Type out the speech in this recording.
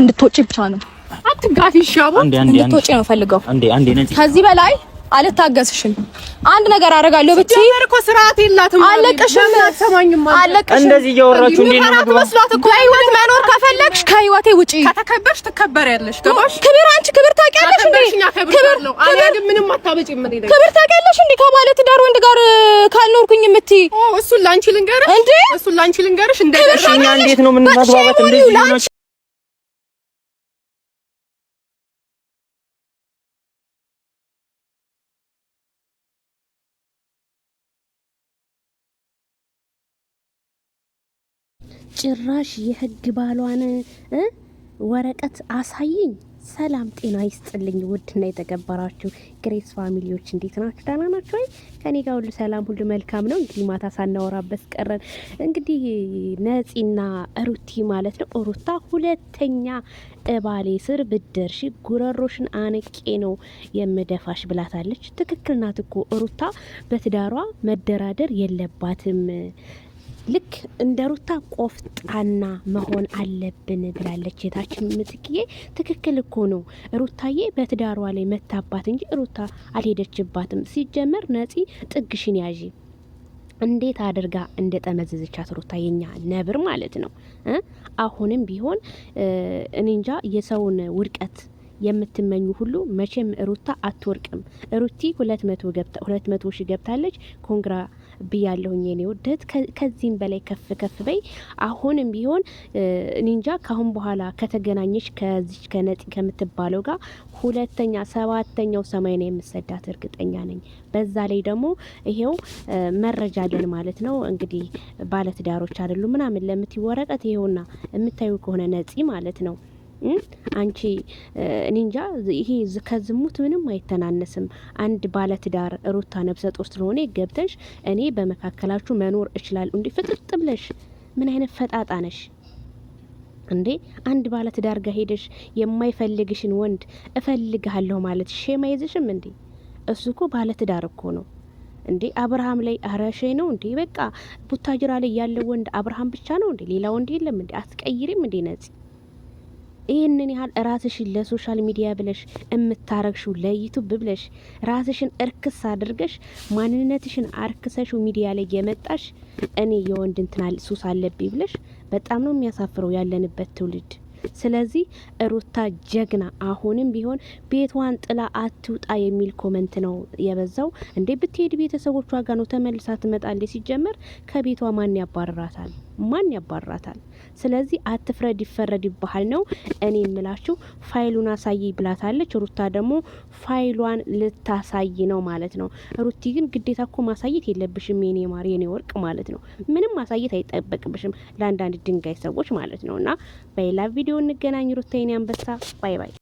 እንድትወጪ ብቻ ነው። አትጋፊ ይሻቡ እንድትወጪ ነው ፈልገው። አንዴ አንዴ ከዚህ በላይ አልታገስሽም። አንድ ነገር አደርጋለሁ ብትይ እኮ ስርዓት የላትም። አለቀሽም አትሰማኝም። አለቅሽም። እንደዚህ እያወራችሁ እንዴ ነው ነው ከህይወት መኖር ከፈለግሽ ከህይወቴ ውጪ። ከተከበርሽ ትከበሪያለሽ። ክብር አንቺ ክብር ታውቂያለሽ እንዴ? ክብር ምንም ምን ክብር ታውቂያለሽ እንዴ? ከባለ ትዳር ወንድ ጋር ካልኖርኩኝ የምትይ እሱን ላንቺ ልንገርሽ እንዴ? እሱን ላንቺ ልንገርሽ እንዴ? እኛ እንዴት ነው የምንግባባት እንደዚህ ነው ጭራሽ የህግ ባሏን ወረቀት አሳየኝ። ሰላም ጤና ይስጥልኝ። ውድና የተከበራችሁ ግሬስ ፋሚሊዎች እንዴት ናችሁ? ደህና ናችሁ ወይ? ከኔ ጋር ሁሉ ሰላም፣ ሁሉ መልካም ነው። እንግዲህ ማታ ሳናወራበት ቀረን። እንግዲህ ነፂና ሩቲ ማለት ነው። ሩታ ሁለተኛ እባሌ ስር ብደርሽ ጉረሮሽን አነቄ ነው የምደፋሽ ብላታለች። ትክክል ናት እኮ ሩታ በትዳሯ መደራደር የለባትም ልክ እንደ ሩታ ቆፍጣና መሆን አለብን ብላለች። የታችን ምትክዬ ትክክል እኮ ነው። ሩታዬ በትዳሯ ላይ መታባት እንጂ ሩታ አልሄደችባትም። ሲጀመር ነፂ ጥግሽን ያዢ እንዴት አድርጋ እንደ ጠመዘዘቻት ሩታ የኛ ነብር ማለት ነው። አሁንም ቢሆን እኔ እንጃ የሰውን ውድቀት የምትመኙ ሁሉ መቼም ሩታ አትወርቅም። ሩቲ ሁለት መቶ ሺ ገብታለች ኮንግራ ብያለሁኝ የኔ ውደት። ከዚህም በላይ ከፍ ከፍ በይ። አሁንም ቢሆን ኒንጃ ካሁን በኋላ ከተገናኘች ከዚች ከነጢ ከምትባለው ጋር ሁለተኛ ሰባተኛው ሰማይ ነው የምሰዳት እርግጠኛ ነኝ። በዛ ላይ ደግሞ ይሄው መረጃ አለን ማለት ነው። እንግዲህ ባለትዳሮች አይደሉ ምናምን ለምትወረቀት ይሄውና የምታዩ ከሆነ ነፂ ማለት ነው አንቺ ኒንጃ እንጃ ይሄ ከዝሙት ምንም አይተናነስም። አንድ ባለትዳር ሩታ ነብሰ ጡር ስለሆነ ገብተሽ እኔ በመካከላችሁ መኖር እችላለሁ እንዴ? ፍጥጥ ብለሽ ምን አይነት ፈጣጣ ነሽ እንዴ? አንድ ባለትዳር ጋር ሄደሽ የማይፈልግሽን ወንድ እፈልግሃለሁ ማለት ሼም አይዝሽም እንዴ? እሱ እኮ ባለትዳር እኮ ነው እንዴ አብርሃም ላይ አረሼ ነው እንዴ? በቃ ቡታጅራ ላይ ያለው ወንድ አብርሃም ብቻ ነው እንዴ? ሌላ ወንድ የለም እንዴ? አትቀይሪም እንዴ ነጽ ይህንን ያህል ራስሽን ለሶሻል ሚዲያ ብለሽ የምታረግሽው ለዩቱብ ብለሽ ራስሽን እርክስ አድርገሽ ማንነትሽን አርክሰሽው ሚዲያ ላይ የመጣሽ እኔ የወንድ እንትና ሱስ አለብኝ ብለሽ በጣም ነው የሚያሳፍረው ያለንበት ትውልድ። ስለዚህ ሩታ ጀግና አሁንም ቢሆን ቤቷን ጥላ አትውጣ የሚል ኮመንት ነው የበዛው። እንዴ ብትሄድ ቤተሰቦቿ ጋር ነው ተመልሳ ትመጣለች። ሲጀመር ከቤቷ ማን ያባርራታል? ማን ያባራታል ስለዚህ አትፍረድ ይፈረድ ይባሃል ነው እኔ የምላችሁ። ፋይሉን አሳይ ብላታለች። ሩታ ደግሞ ፋይሏን ልታሳይ ነው ማለት ነው። ሩቲ ግን ግዴታ እኮ ማሳየት የለብሽም የኔ ማር የኔ ወርቅ ማለት ነው። ምንም ማሳየት አይጠበቅብሽም ለአንዳንድ ድንጋይ ሰዎች ማለት ነው እና በሌላ ቪዲዮ በቪዲዮ እንገናኝ። ሩታ የኔ አንበሳ፣ ባይ ባይ።